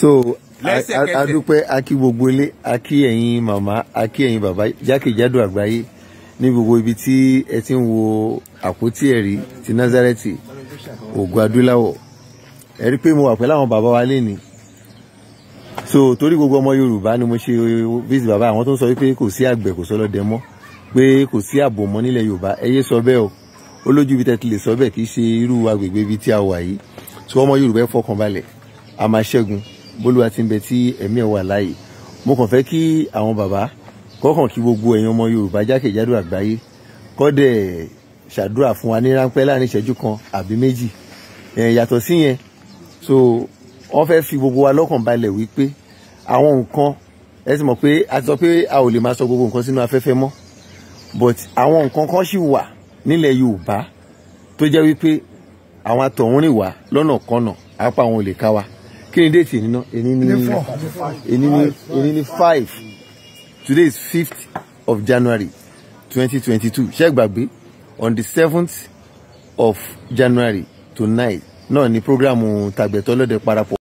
so adupe aki gbogbo ilé akí ẹ̀yin màmá akí ẹ̀yin bàbá jákèjádò àgbáyé ní gbogbo ibi tí ẹ ti ń wo àpótí ẹ̀rí ti nazareti ògùn adúláwọ̀ ẹ rí pé mo wà pẹ̀lú àwọn bàbá wa lénìí so torí gbogbo ọmọ yorùbá ni mo ṣe bíìsì bàbá àwọn tó ń sọ wípé kò sí àgbẹ̀ kò sọlọ́dẹ mọ́ pé kò sí ààbò mọ́ nílẹ̀ yorùbá ẹ sọ bẹ́ẹ̀ o olójú ibi tẹ́tí lè sọ bẹ́ẹ̀ kì í ṣe irú agbègbè ibi tí a wà yìí so ọmọ yorùbá ẹ fọkàn balẹ̀ a máa ṣẹ́gun bólúwa ti ń bẹ tí ẹ̀mí ẹ̀ wà láàyè mo kàn fẹ́ kí àwọn bàbá kọ́kàn kí gbogbo ẹ̀yin ọmọ Yorùbá jákèjádò àgbáyé kọ́dẹ̀ ṣàdúrà fún wa ní ráńpẹ́ láàrin ìṣẹ́jú kan àbí méjì yàtọ̀ sí yẹn so wọ́n fẹ́ fi gbogbo wa lọ́kàn balẹ̀ wípé àwọn nǹkan ẹ ti mọ̀ pé a sọ pé a ò lè máa sọ gbogbo nǹkan sínú afẹ́fẹ́ mọ́ but àwọn nǹkan kan ṣì wà nílẹ̀ Yorùbá tó jẹ́ wípé àwọn atọ̀húnrìn wá lọ́nà kọ́nà apá àwọn ò ká wa kí ni déètì nínú èní ní èní ní èní ní five today is fifth of january twenty twenty two ṣé gbàgbé on the seventh of january tonight náà ni programu tàgbẹ̀tọ́ lọ́dẹ parapọ̀.